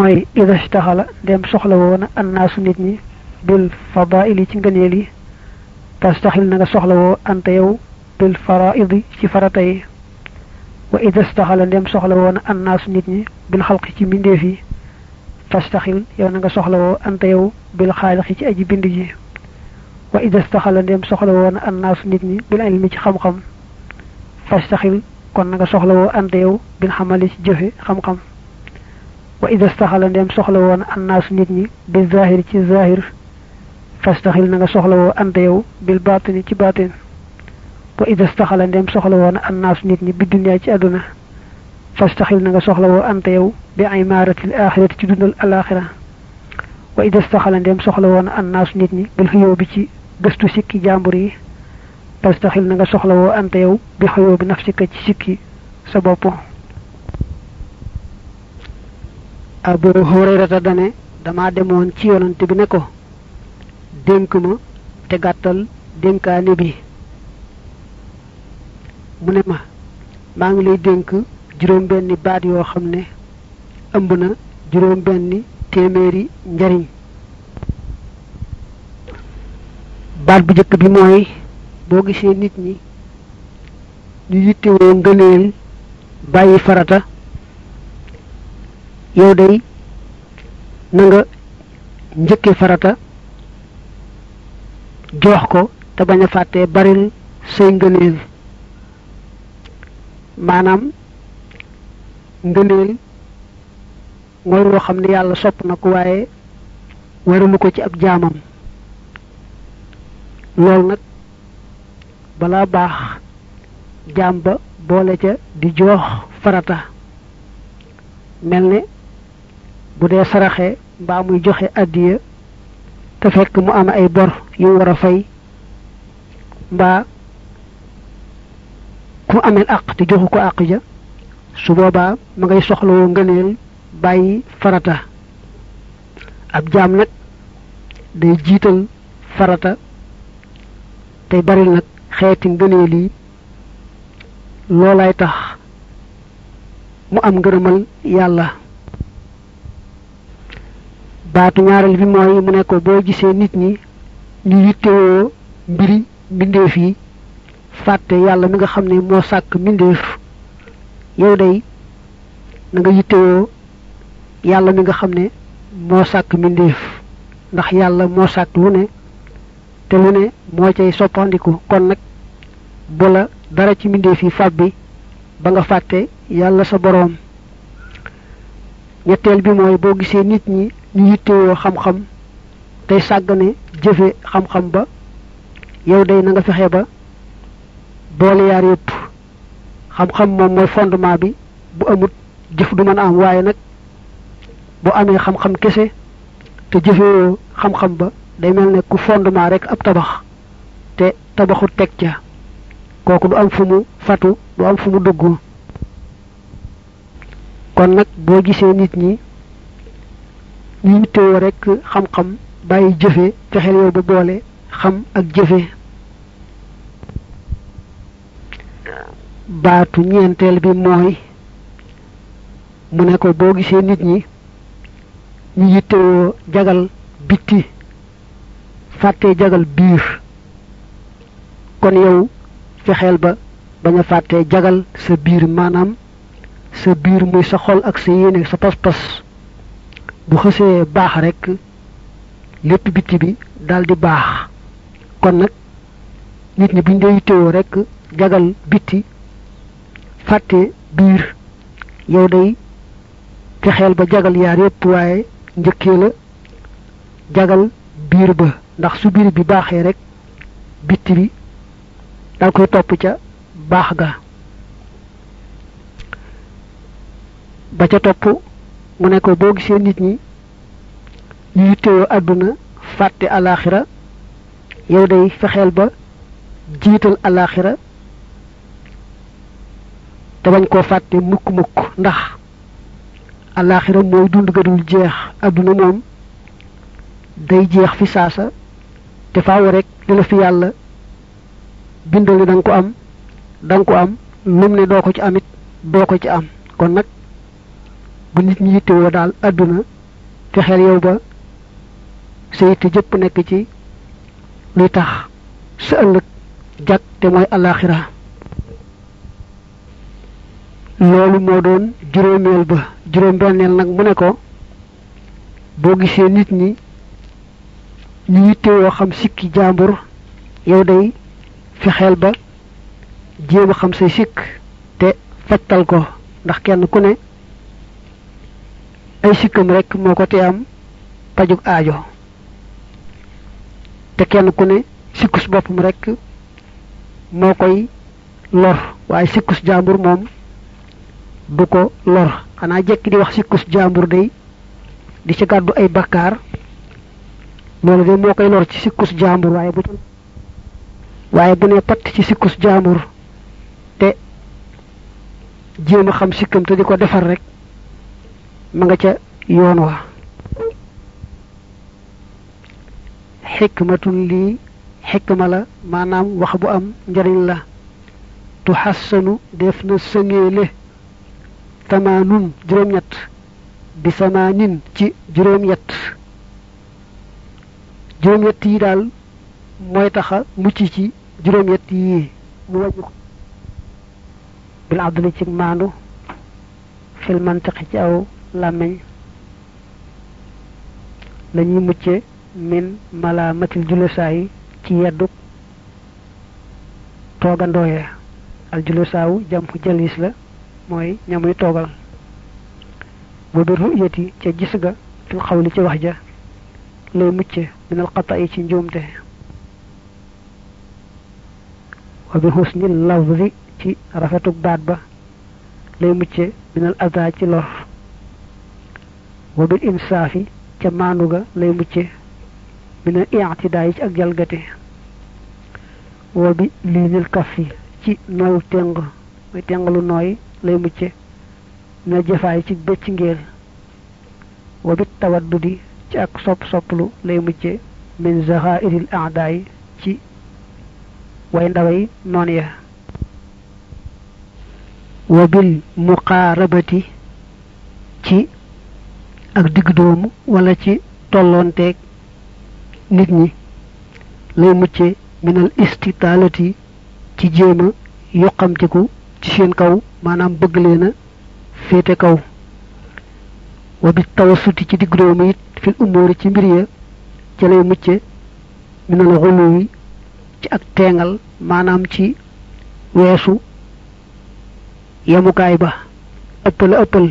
mooy ida staxala dem soxla woon nit ñi bil fadaili ci ngëneel yi tastaxil na nga soxla woo anta yow bil faraidi ci farata yi wa ida staxala dem soxla woon annaasu nit ñi bil xalqi ci mbindeef yi fastaxil yow na nga soxla woo anta yow bil xaalixi ci aji bind ji wa ida staxala dem soxla woon annaasu nit ñi bil ilmi ci xam-xam fastaxil kon na nga soxla woo anta yow bil xamali ci jëfe xam-xam wa ida staxala ndeem soxla woon annaas nit ñi bi zahir ci zahir fastaxil na nga soxla woo anta yow bil baatini ci baatin wa ida staxala ndeem soxla woon annaas nit ñi bi duniyaa ci àdduna fastaxil na nga soxla woo anta yow bi imaaratil axirati ci dundal alaxira wa ida staxala ndeem soxla woon annaas nit ñi bil xiyoo bi ci gëstu sikki jàmbur yi fastaxil na nga soxla woo anta yow bi xiyoo bi nafsika ci sikki sa bopp abu hurayrata dane dama demoon ci yonante bi ne ko dénk ma te gàttal dénkaane bi mu ne ma maa ngi lay dénk juróom benni baat yoo xam ne ëmb na juróom benni téeméeri njariñ baat bu jëkk bi mooy boo gisee nit ñi ñu yittewoo ngëneel bàyyi farata yow day na nga njëkki farata jox ko te bañ fàtte fàttee baril say ngëneel maanaam ngëneel mooy loo xam ne yàlla sopp na ko waaye waralu ko ci ab jaamam loolu nag balaa baax jaam ba boole ca di jox farata mel ne bu dee saraxe mbaa muy joxe addiya te fekk mu am ay bor yu war a fay mbaa ku amel àq te joxu ko àq ja su boobaa ma ngay soxlawoo ngëneel bàyyi farata ab jaam nag day jiital farata te bari nag xeeti ngëneel yi loolaay tax mu am ngërëmal yàlla baatu ñaareel bi mooy mu ne ko boo gisee nit ñi ñu yittewoo mbiri mbindeef yi fàtte yàlla mi nga xam ne moo sàkk mbindeef yow day na nga xam ne moo sàkk mbindeef ndax yàlla moo sàkk lu ne te lu ne moo cay soppandiku kon nag bu la dara ci mbindeef yi fab bi ba nga fàtte yàlla sa boroom ñetteel bi mooy boo gisee nit ñi ñu yittewoo xam-xam tey sàggane jëfe xam-xam ba yow day na nga fexe ba boole yaar yëpp xam-xam moom mooy fondement bi bu amut jëf du mën a am waaye nag bu amee xam-xam kese te jëfewoo xam-xam ba day mel ne ku fondement rekk ab tabax te tabaxu teg ca kooku du am fu mu fatu du am fu mu dugg kon nag boo gisee nit ñi ñu yittewoo rekk xam-xam bàyyi jëfe fexeel yow ba boole xam ak jëfe baatu ñeenteel bi mooy mu ne ko boo gisee nit ñi ñu yittewoo jagal bitti fàtte jagal biir kon yow fexeel ba bañ a fàtte jagal sa biir maanaam sa biir muy sa xol ak sa yéene sa pas-pas bu xësee baax rek lépp bitti bi daldi baax kon nag nit ñi biñ dee yittewoo rek jagal biti fàtte biir yow day fexeel ba jagal yaar yépp waaye njëkkee la jagal biir ba ndax su biir bi baaxee rek biti bi danga koy topp ca baax ga ba ca topp mu ne ko boo gisee nit ñi ñu yittewoo àdduna fàtte alaaxira yow day fexeel ba jiital alaaxira te bañ koo fàtte mukk mukk ndax alaaxira mooy dund ga jeex àdduna moom day jeex fi saasa te faaw rek li la fi yàlla bindal ni danga ko am danga ko am lum ne doo ko ci amit doo ko ci am kon nag bu nit ñi yittewoo daal àdduna fexeel yow ba sa yitte jëpp nekk ci luy tax sa ëllëg jàkk te mooy alaxira loolu moo doon juróomeel ba juróom benneel nag mu ne ko boo gisee nit ñi ñu yitte yoo xam sikki jaambur yow day fexeel ba jéem xam say sikk te fajtal ko ndax kenn ku ne ay sikkam rekk moo ko te am pajuk aajo te kenn ku ne sikkus boppam rek moo koy lor waaye sikkus jàmbur moom du ko lor xanaa jekki di wax sikkus jàmbur day di ci gàddu ay bakkaar loolu de moo koy lor ci sikkus jàmbur waaye bu waaye ne patt ci sikkus jàmbur te jéem xam sikkam te di ko defar rek mu nga ca yoon wa xikmatun lii xikma la maanaam wax bu am njariñ la tu xassanu def na sëŋeele tamaanun juróom bi samaanin ci juróom-ñett yi daal mooy taxa mucc ci juróom yi mu wàññi bil abdali ci maandu fil mantiqi ci aw làmmiñ lañuy mucce min malaamatil julasaayi ci yedduk toogandooyee al julasaawu jàmp jalis la mooy ñamuy toogal wa bi ruyati ca gis ga fil li ci wax ja lay mucce minal xata ci njuumte wa bi husnil lafzi ci rafetuk baat ba lay mucce minal adaa ci lor wa bil insaafi ca maandu ga lay mucce mina i'tidaa yi ci ak jalgate wa bi liinil kaf ci nooyu teng lu nooy lay mucce mina jëfaay ci bëcc ngéel wa bi tawaddudi ci ak sopp sopplu lay mucce min zahairil a'daa yi ci way ndaway noon ya wa bil muqaarabati ci ak digg doomu wala ci tolloonteeg nit ñi lay mucce minal istitaalati ci jéem a yoqamtiku ci seen kaw maanaam bëgg leen féete kaw wa bi tawasuti ci digg doomu it fil umóori ci mbir ya ci lay mucce minal xuluwi ci ak teengal maanaam ci weesu yemukaay ba ëppal ëppal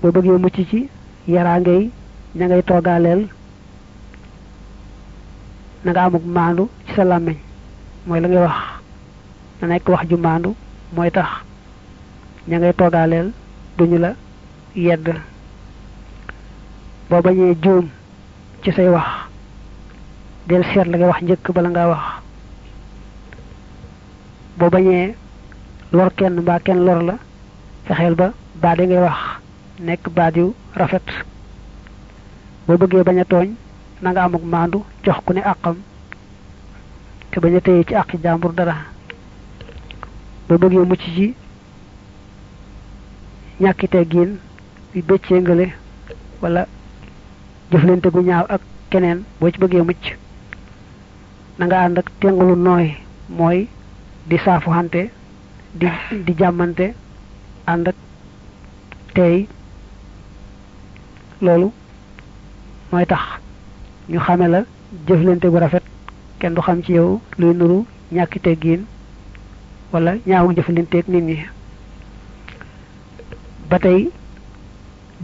boo bëggee mucc ci yaraangey ña ngay toogaaleel na nga amuk maandu ci sa làmmiñ mooy la ngay wax na nekk wax ju maandu mooy tax ña ngay toogaaleel duñu la yedd boo bañee juum ci say wax del seet la ngay wax njëkk bala ngaa wax boo bañee lor kenn mbaa kenn lor la fexeel ba baat yi ngay wax nekk baat yu rafet boo bëggee bañ a tooñ na nga amuk maandu jox ku ne àqam te bañ a téye ci àqi jàmbur dara boo bëggee mucc ci ñàkki teggin bi béccee ngale wala jëflante gu ñaaw ak keneen boo ci bëggee mucc na nga ànd ak tengulu nooy mooy di saafuxante di di jàmmante ànd ak tey loolu mooy tax ñu xame la jëflante bu rafet kenn du xam ci yow luy nuru ñàkki teggiin walla ñaawu jëflanteeg nit ñi ba tey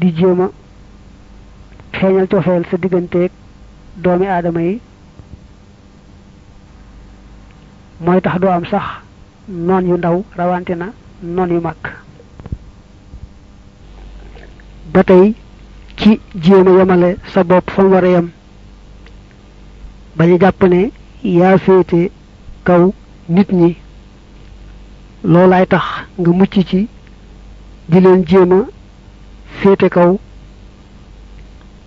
di jéema a feeñal cofeel sa digganteeg doomi aadama yi mooy tax doo am sax noon yu ndaw rawante na noon yu mag ba tey ci jéem a yemale sa bopp fa mu war a yem jàpp ne yaa féete kaw nit ñi loolaay tax nga mucc ci di leen jéem féete kaw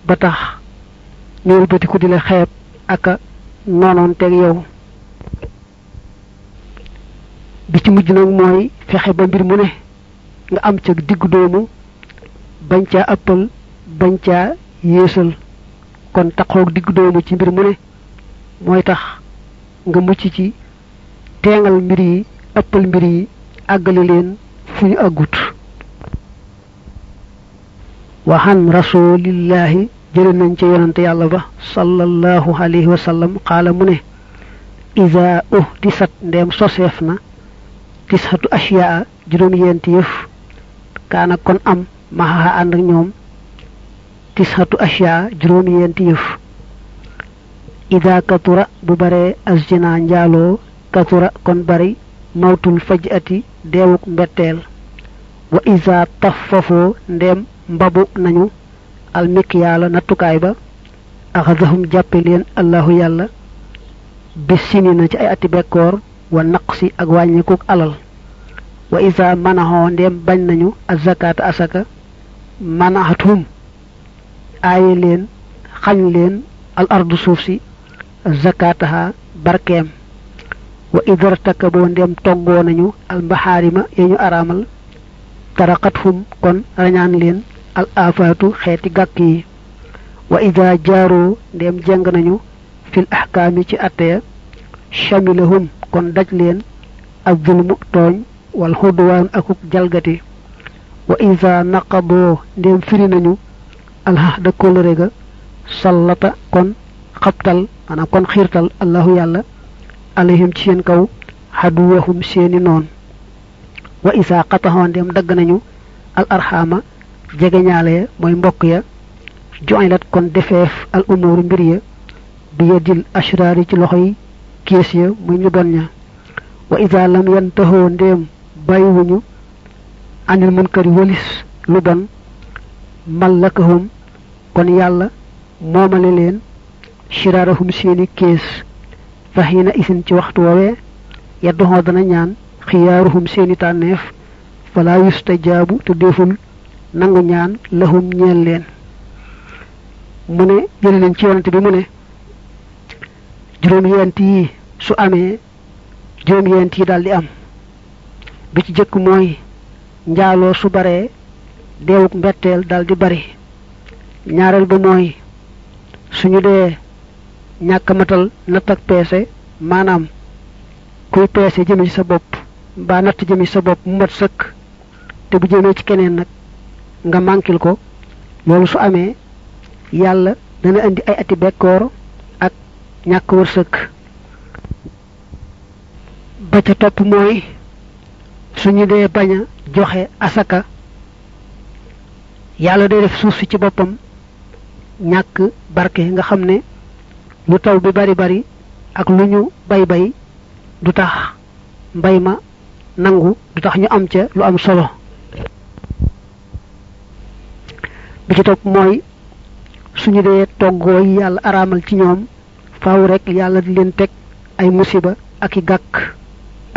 ba tax ñëwul batiku di la xeeb ak a noonoon teg yow bi ci mujj nag mooy fexe ba mbir mu ne nga am ca diggu doomu bañ ca ëppal bañ caa yéesal kon taxoog diggu doomu ci mbir mu ne mooy tax nga mucc ci teengal mbir yi ëppal mbir yi àggale leen fu ñu àggut waxan rasulillahi jële nañ ca yonante yàlla ba sallallahu alayhi wa sallam xaala mu ne ida uh di sat ndeem soseef na tisatu ashyaa juróom-yeenti yëf kaana kon am maxaxa ànd ak ñoom tisxatu asiya juróom yeenti yëf ida katura bu bare azjina njaaloo katura kon bari mawtul faj ati deewuk mbetteel wa isa taffafoo ndeem mbabu nañu almik nattukaay ba axadahum jàppe leen allahu yàlla bis sini na ci ay ati bekkoor wa naqsi ak wàññikuk alal wa isa manaxoo ndeem bañ nañu azakaata asaka manaxatum aaye leen xañ leen al ardu suuf si zakataha barkeem wa idartaka boo ndem toggoo nañu al maharima ya ñu araamal taraqathum kon rañaan leen al afaatu xeeti gàkk yi wa ida jaaroo ndem jeng nañu fil ahkaami ci atteya chamilahum kon daj leen ak zulmu tooñ wal xudwaan akuk jalgati wa ida naqadoo ndem firi nañu alxaxda kóllëre ga sallata kon xabtal maanaam kon xiirtal allahu yàlla alayhim ci seen kaw xaduwahum seeni noon wa isaa xataxoondem dagg nañu al arxaama ya mooy mbokk ya joxilat kon defeef al umuru mbir ya bi yadil ashraar yi ci loxoy kiis ya muy ñu bon ña wa isaa lam yantaxoo ndéem bàyyiwuñu anil munkari walis lu bon mallakahum kon yàlla moomale leen shiraarahum seeni kees faxiina isin ci waxtu woowee yaddoxoo dana ñaan xiyaaruhum seeni tànneef fala yustajaabu te déeful nangu ñaan lahum ñeel leen mu ne leen ci yonante juróom-yent yi su amee juróom-yent yi daal di am bi ci jëkk mooy njaaloo su baree deewuk mbetteel dal di bari ñaareel ba mooy suñu dee ñàkk matal natt ak peese maanaam kuy peese jëme ci sa bopp mbaa natt jëme ci sa bopp mu mat sëkk te bu jëmee ci keneen nag nga mànkil ko loolu su amee yàlla dana indi ay ati bekkoor ak ñàkk wër sëkk ba ca topp mooy suñu dee bañ joxe asaka yàlla de def suuf si ci boppam ñàkk barke nga xam ne lu taw bi bari bari ak lu ñu bay bay du tax mbay ma nangu du tax ñu am ca lu am solo bi ci topp mooy suñu dee toggoo yi yàlla araamal ci ñoom faaw rekk yàlla di leen teg ay musiba ak i gàkk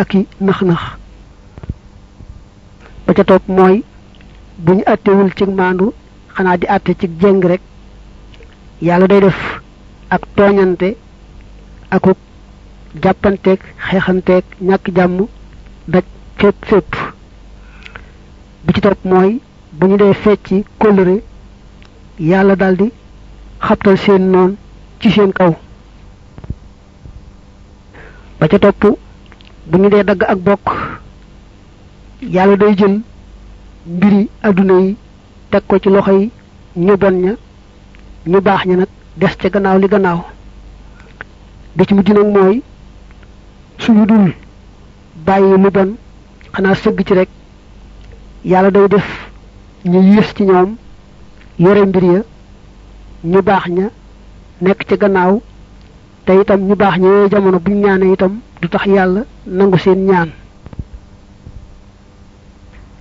ak i nax-nax ba ca topp mooy bu ñu àttewul ci maandu xanaa di àtte ci jeng rekk yàlla day def ak tooñante akuk jàppanteeg xeexanteeg ñàkk jàmm daj fépp fépp bi ci topp mooy bu ñu dee fecci kóllëre yàlla daldi xabtal seen noon ci seen kaw ba ca topp bu ñu dee dagg ak bokk yàlla day jël mbiri àdduna yi teg ko ci loxo yi ñu bon ña ñu baax ña nag des ca gannaaw li gannaaw bi ci mujj nag mooy suñu dul bàyyi lu bon xanaa sëgg ci rek yàlla day def ñu yées ci ñoom yore mbir ya ñu baax ña nekk ca gannaaw te itam ñu baax ña yooyu jamono buñ ñaanee itam du tax yàlla nangu seen ñaan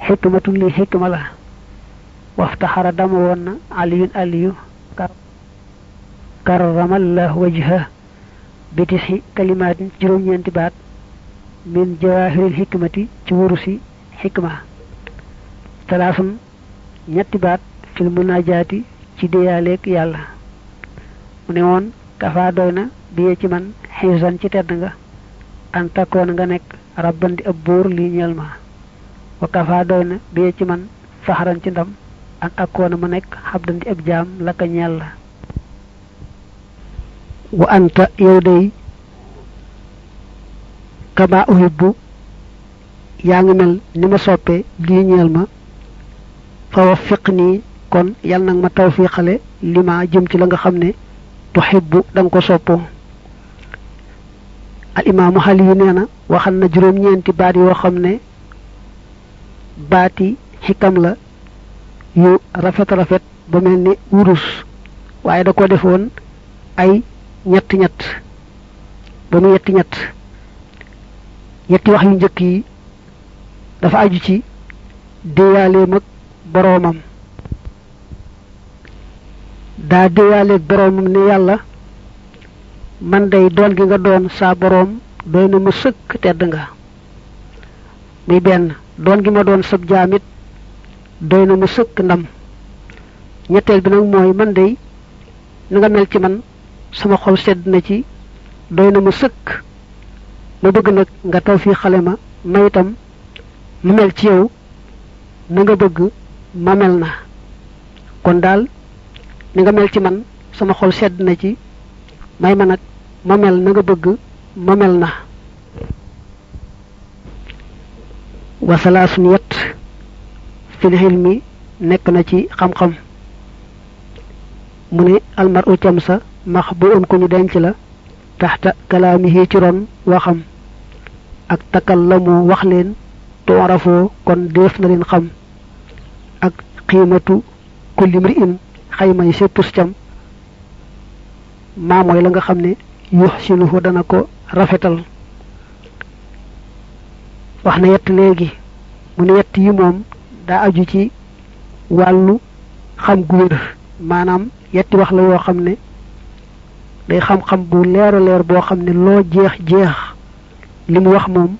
xikmatun li xikma la waftaxara dama woon na aliyun aliyu karamallahu wajha bitixi kalimaatin juróom-ñeenti baat min jawaahiril xikmati ci wurusi xikma talaasun ñetti baat fil munaajaati ci deyaaleeg yàlla mu ne woon kafaa doy na biyee ci man xiisan ci tedd nga an nga nekk rabban di ab buur lii ñeel ma wa kafa doy na bee ci man faxaran ci ndam ak akkoona mu nekk xabdan di ab jaam laka ñeel la wa anta yow day kama uhibbu yaa ngi mel ni ma soppe lii ñeel ma fa wafiq nii kon yal nag ma tawfiqale li ma jëm ci la nga xam ne tuhibbu da nga ko soppoo al imaamu yi nee na waxan na juróom-ñeenti baat yoo xam ne baati xikam la yu rafet rafet ba mel ni wurus waaye da ko defoon ay ñett ñett ba mu yetti ñett yetti wax yu njëkk yi dafa aju ci déewaaleem ak boroomam daa déewaaleeg boroomam ne yàlla man day doon gi nga doon saa boroom doy na sëkk tedd nga muy benn doon gi ma doon sab jaamit doy na mu sëkk ndam ñetteel bi nag mooy man day na mel ci man sama xol sedd na ci doy na mu sëkk ma bëgg nag nga taw fii xale ma may itam mu mel ci yow na nga bëgg ma mel na kon daal ni nga mel ci man sama xol sedd na ci may ma nag ma mel na nga bëgg ma mel na wa salaasun yet fil xilmi nekk na ci xam-xam mu ne almar u cam sa max bu un ko ñu denc la taxta kalaamihi ci ron xam ak takkal la takallamu wax leen toorafoo kon def na leen xam ak xiimatu kulli mri in xaymay settus cam maa la nga xam ne yuxsinuhu dana ko rafetal wax na yett léegi mu ne yett yi moom daa aju ci wàllu xam gu wér maanaam yetti wax la yoo xam ne day xam-xam bu leer a leer boo xam ne loo jeex-jeex li mu wax moom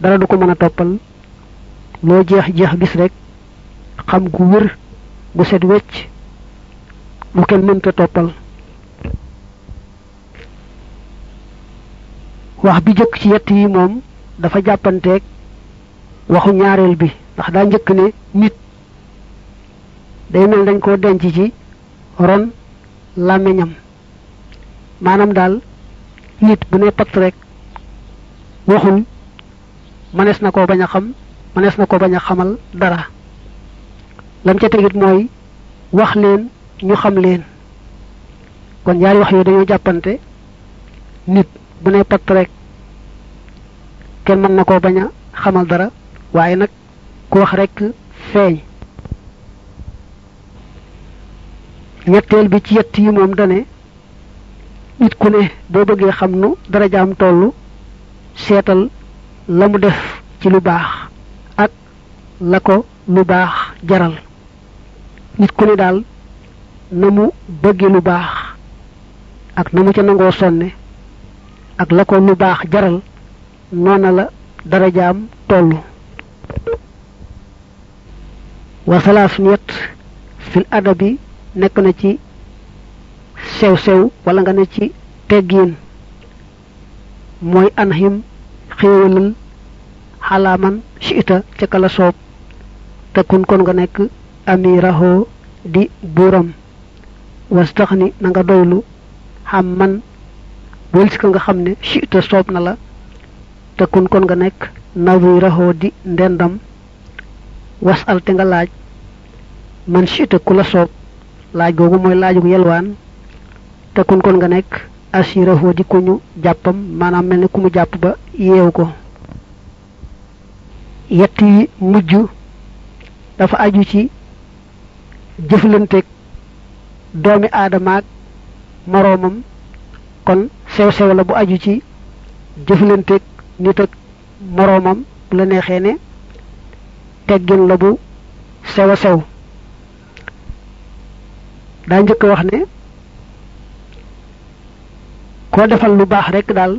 dara du ko mën a toppal loo jeex-jeex gis rek xam gu wér bu set wecc bu kenn mënta toppal wax bi jëkk ci yett yi moom dafa jàppanteeg waxu ñaareel bi ndax daa njëkk ne nit day mel dañ koo denc ci ron làmmiñam maanaam daal nit bu ne pat rek waxul mënees na ko bañ a xam mënees na ko bañ a xamal dara lam ca tegit mooy wax leen ñu xam leen kon ñaari wax yooyu dañoo jàppante nit bu ne pat rek kenn mën na koo bañ a xamal dara waaye nag ku wax rekk feeñ ñetteel bi ci yett yi moom dane nit ku ne boo bëggee xam nu darajaam tollu seetal la mu def ci lu baax ak la ko lu baax jaral nit ku ne daal na mu bëgge lu baax ak na mu ca nangoo sonne ak la ko lu baax jaral noona la darajaam tollu wa salaas ñett fil bi nekk na ci sew sew wala nga ne ci teggiin mooy anhim xéewalal xalaaman ci ita ca kala soob te kun kon nga nekk amiraho di buuram wastaxni na nga doylu xam man wëlis nga xam ne ci soob na la takun kon nga nekk nawi raxoo di ndendam wasal te nga laaj man chita ku la soob laaj googu mooy laajug yelwaan takun kon nga nekk asiraxoo di ku ñu jàppam maanaam mel ni ku mu jàpp ba yeewu ko yett yi mujj dafa aju ci jëflanteeg doomi aadamaak moroomam kon sew sew la bu aju ci jëflanteeg nit ak moroomam bu la neexee ne teggin la bu sew a sew daa njëkk wax ne koo defal lu baax rekk daal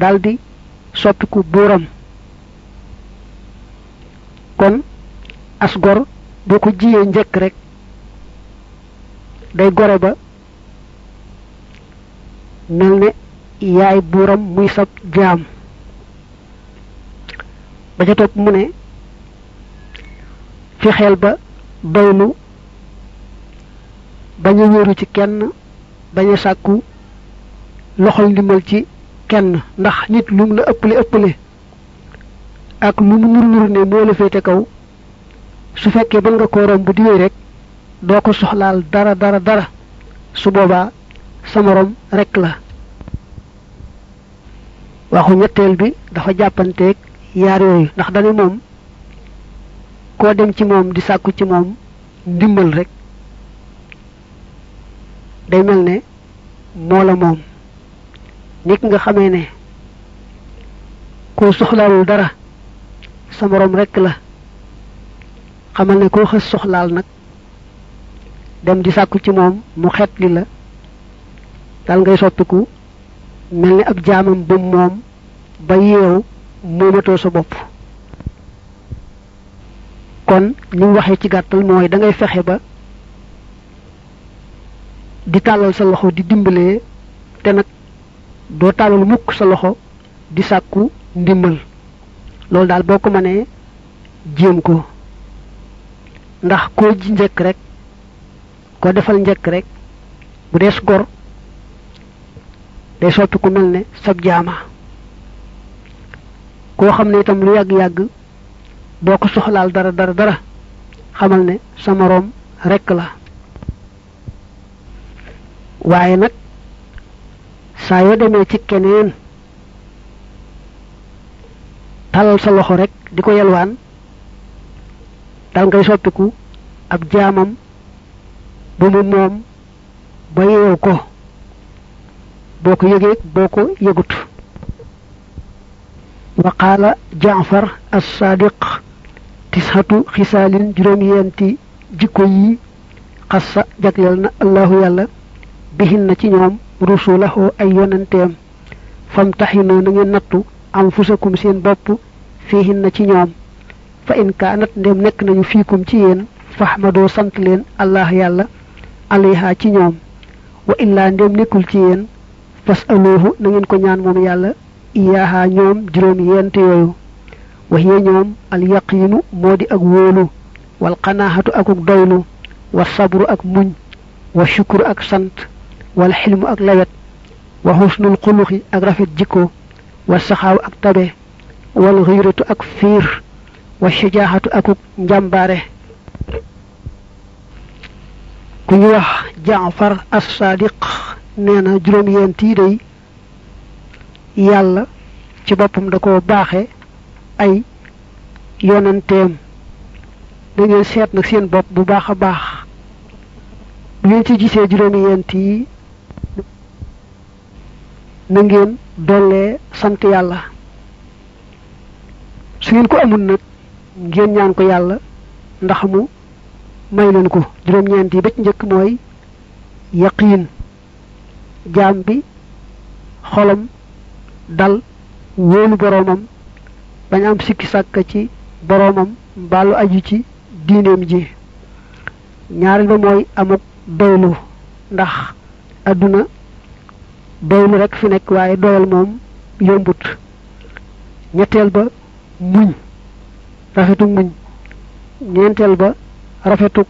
daldi soppiku buuram kon as gor boo ko jiyee njëkk rekk day gore ba mel ne yaay buuram muy sab jaam ba ca topp mu ne fexeel ba doylu bañ a wéeru ci kenn bañ a sàkku loxol ndimbal ci kenn ndax nit lu mu la ëpple ëppale ak lu mu nur nur ne moo la féete kaw su fekkee ba nga ko romb bu diwee rek doo ko soxlaal dara dara dara su boobaa sa morom rek la waxu ñetteel bi dafa jàppanteeg yaar yooyu ndax dañu moom koo dem ci moom di sàkku ci moom ndimbal rek day mel ne moo la moom nit nga xamee ne koo soxlaalul dara sa moroom rekk la xamal ne koo xës soxlaal nag dem di sàkku ci moom mu xet li la daal ngay soppiku mel ne ab jaamam bu moom ba yeew moomatoo sa bopp kon ni mu waxee ci gàttal mooy da fexe ba di tàllal sa loxo di dimbalee te nag doo tàllal mukk sa loxo di sàkku ndimbal loolu daal bokk ko ne jéem ko ndax koo ji njëkk rekk koo defal njëkk rek bu dees gor day soppi ku mel ne sab jaama koo xam ne itam lu yàgg-yàgg boo ko soxlaal dara dara xamal ne sa moroom rekk la waaye nag saa yoo demee ci keneen talal sa loxo rekk di ko yelwaan dal ngay soppiku ab jaamam bu mu moom ba yeew ko boo ko yëgeeg boo ko yëgut wa jaafar as-saadiq tisxatu xisaalin juróom-yeenti jikko yi xassa jagleel na allahu yàlla bihin na ci ñoom rusulahoo ay yonanteem famtaxinoo na ngeen nattu am fusakum seen bopp fiihin na ci ñoom fa in kaanat ndem nekk nañu fiikum ci yéen faxmadoo sant leen allah yàlla alayha ci ñoom wa illaa ndem nekkul ci yéen fasaluhu na ngeen ko ñaan moom yàlla iyaaha ñoom juróom yent yooyu waxiyee ñoom al moo di ak wóolu wal qanaahatu akuk doylu wa sabru ak muñ wa shukru ak sant wal xilmu ak lawet wa xusnul xuluxi ak rafet jikko wa saxaaw ak tabe wal xiiratu ak fiir wa shajaaxatu akuk njàmbaare ku ñu wax jaafar as sadiq neena na juróom-yent yi day yàlla ci boppam da ko baaxe ay yonenteem da ngeen seet nag seen bopp bu baax a baax bu ngeen ci gisee juróom-yent yi na ngeen dollee sant yàlla su ngeen ko amul nag ngeen ñaan ko yàlla ndax mu may leen ko juróom-ñeent yi ba ci njëkk mooy yaqiin jaam bi xolam dal wóolu boroomam bañ am sikki sàkk ci boroomam mbaalu aju ci diineem ji ñaareel ba mooy amuk doylu ndax àdduna doylu rekk fi nekk waaye doyal moom yombut ñetteel ba muñ rafetuk muñ ñeenteel ba rafetuk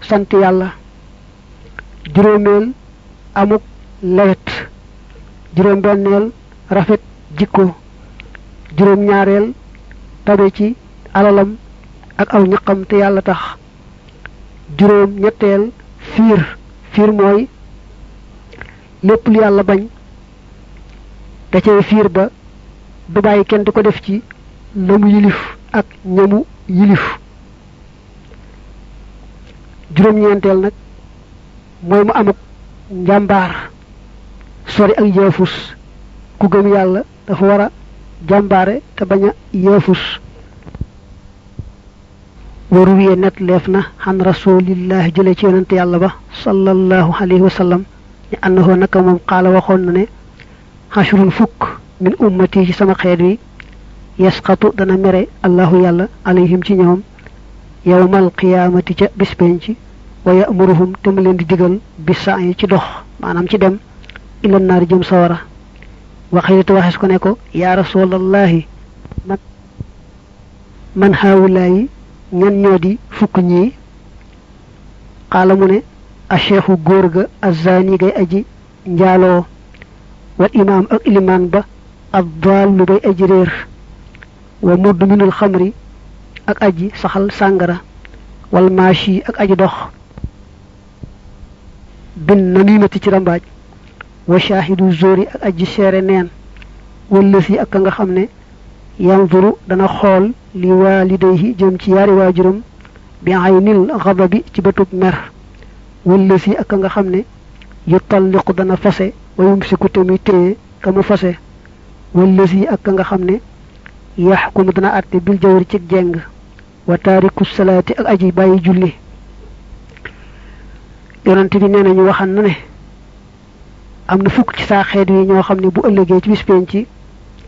sant yàlla juróomeel amuk lewet juróom benneel rafet jikko juróom ñaareel tabe ci alalam ak aw ñaqam te yàlla tax juróom ñetteel fiir fiir mooy lépp lu yàlla bañ da cee fiir ba du bàyyi kenn di ko def ci lamu yilif ak ñamu yilif juróom ñeenteel nag mooy mu amuk njàmbaar sori ak yëfus ku gëm yàlla dafa war a jàmbaare te bañ a yëfus waru wiye net leef na xan rasulillahi jële ci yonante yàlla ba sallallahu alayhi wa sallam ni annahu naka moom xaala waxoon na ne xashrun fukk min ummati ci sama xeet wi yasqatu dana mere allahu yàlla alayhim ci ñoom yowmal qiyaamati ca bis penc wa yamuruhum te mu leen di digal bi yi ci dox maanaam ci dem ila naar jëm sawara ko ne ko yaa rasulallahi man man xaawulaayi ñan ñoo di fukk ñii xaala ne a cheikhu góor ga azzaani gay aji njaaloo wal imaam ak ilimaan ba ab daal lu bay aji réer wa mudd minul xamri ak aji saxal sàngara wal maashi ak aji dox bin namimati ci rambaaj wa shaahidu zori ak aji seere neen wëllës yi ak a nga xam ne yanzuru dana xool li waalidayhi jëm ci waa waajuram bi aynil bi ci bëtub mer wëllës yi ak a nga xam ne yu talliqu dana fase wa yumsiku te muy téye ka mu fase wëllës yi ak a nga xam ne yaxkumu dana àtte bil jawri ci jeng wa taariku salaati ak aji bàyyi julli am na fukk ci saa xeet yi ñoo xam ne bu ëllëgee ci bis ci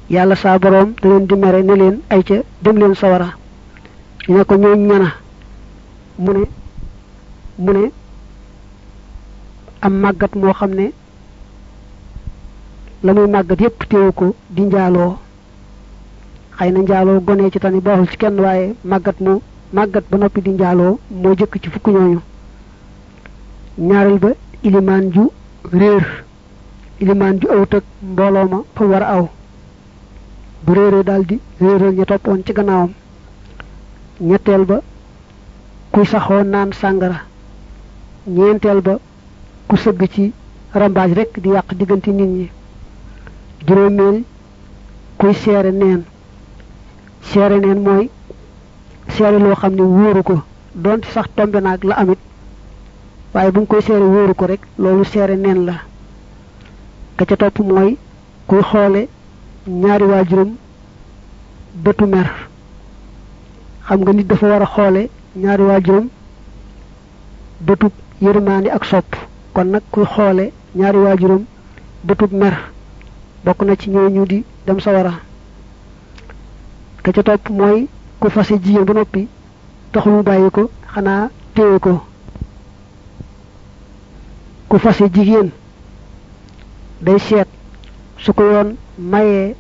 yàlla saa boroom da leen di mere ne leen ay ca dem leen sawara ñu ne ko ñooñ ñana mu ne mu ne am màggat moo xam ne la muy màggat yépp téewu ko di njaaloo xëy na njaaloo gone ci tani baaxul ci kenn waaye màggat mu màggat ba noppi di njaaloo moo jëkk ci fukk ñooñu ñaareel ba ilimaan ju réer ilimaan ju awut ak mbooloo ma fa war aw bu réeree daldi réeral ña toppoon ci gannaawam ñetteel ba kuy saxoo naan sàngara ñeenteel ba ku sëgg ci rambaaj rekk di yàq diggante nit ñi juróomeel kuy seere neen seere neen mooy seere loo xam ne wóoru ko doon ci sax tombe la amit waaye bu nga koy seere wóoru ko rek loolu seere neen la ka ca topp mooy kuy xoole ñaari waajuram bëtu mer xam nga nit dafa war a xoole ñaari waa waajuram bëtub yërmaandi ak sopp kon nag kuy xoole ñaari waa waajuram bëtub mer bokk na ci ñooñu di dem sa ka ca topp mooy ku fase jigéen ba noppi taxul mu bàyyi ko xanaa téye ko ku fase jigéen day seet su ko yoon mayee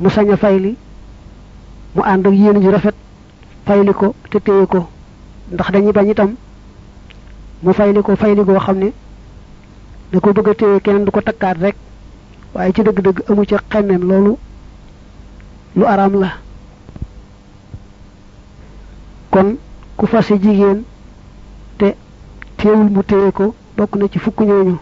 mu sañ a fayli mu ànd ak yéen ju rafet fayli ko te téye ko ndax dañuy bañ itam mu fayli ko fayli goo xam ne da ko bëgg a téye keneen du ko takkaat rek waaye ci dëgg-dëgg amu ca xemmem loolu lu araam la kon ku fase jigéen te téewul mu téye ko bokk na ci fukk ñooñu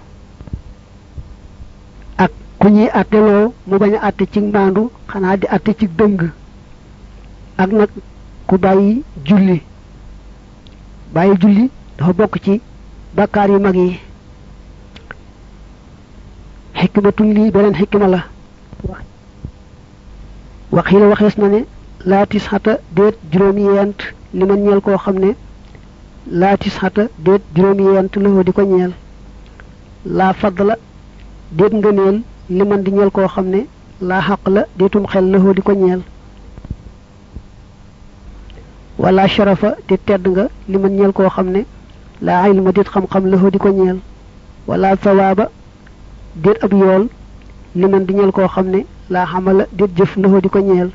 ku ñuy àtteloo mu bañ a àtte ci maandu xanaa di àtte ci dëng ak nag ku bàyyi julli bàyyi julli dafa bokk ci bakkaar yu mag yi xikmatun lii beneen xikma la waxi la waxees na ne laatis xata déet juróomi yent li man ñeel koo xam ne laatis xata déet juróomi yent la di ko ñeel laa fadla déet ngëneel li man ñeel koo xam ne laa xaq la déetum xel la di ko ñeel wala sharafa di tedd nga li man ñeel koo xam ne laa ilma déet xam-xam la di ko ñeel wala sawaaba déet ab yool di ñeel koo xam ne laa xamala déet jëf la di ko ñeel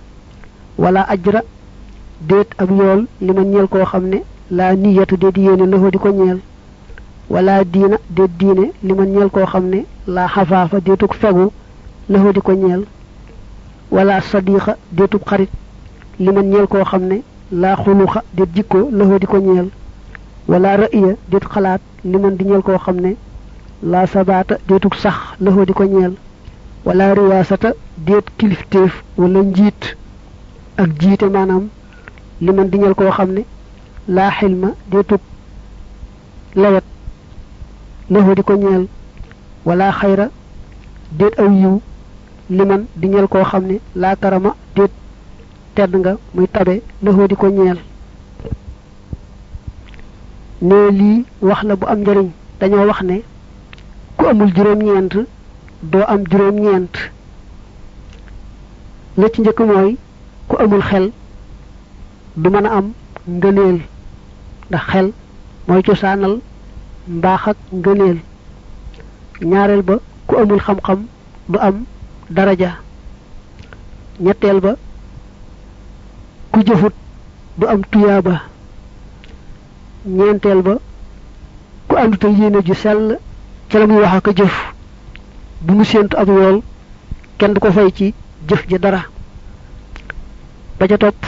wala ajra déet ab yool li man ñeel koo xam ne laa niyatu déet yéene la di ko ñeel wala diina déet diine li man ñeel koo xam ne laa xafaafa déetug fegu laxu di ko ñeel wala sadiqa déetub xarit li ñeel koo xam ne laa xuluxa déet jikko laxu di ko ñeel wala ra'iya déet xalaat li man di ñeel koo xam ne laa sabaata déetug sax laxu di ko ñeel wala riwaasata déet kilifteef wala njiit ak jiite maanaam li man di ñeel koo xam ne laa xilma déetug lewet lahu di ko ñeel wala xayra déet aw yiw liman di ñeel koo xam ne laa karama déet tedd nga muy tabe lahu di ko ñeel ne lii wax la bu am njariñ dañoo wax ne ku amul juróom-ñeent doo am juróom-ñeent la ci njëkk mooy ku amul xel du mën a am ngëneel ndax xel mooy cosaanal mbaax ak ngëneel ñaareel ba ku amul xam-xam du am dara ja ñetteel ba ku jëfut du am tuyaaba ñeenteel ba ku ànduta yéene ju sell ca la muy wax ak a jëf bu mu séentu ab yool kenn du ko fay ci jëf ji dara ba ca topp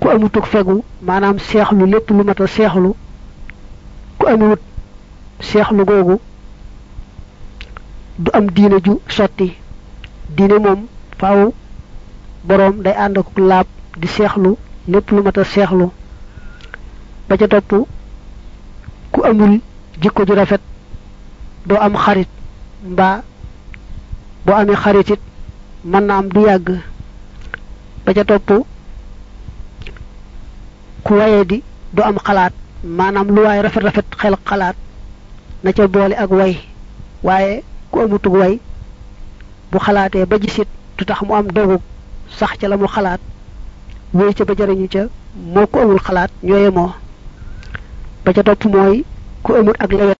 ku amutug fegu maanaam seexlu lépp lu mat a seexlu ku amut seexlu googu du am diine ju sotti diine moom aw boroom day ànd ak laab di seexlu lépp lu mat a seexlu ba ca topp ku amul jikko ju rafet doo am xarit mbaa boo amee xarit it mën na du yàgg ba ca topp ku waye di du am xalaat maanaam lu waay rafet rafet xel xalaat na ca boole ak way waaye ku amutug way bu xalaatee ba gisit du tax mu am dogu sax ca la mu xalaat wéy ca ba jariñu ca moo ku amul xalaat ñooye moo ba ca topp mooy ku amul ak lewet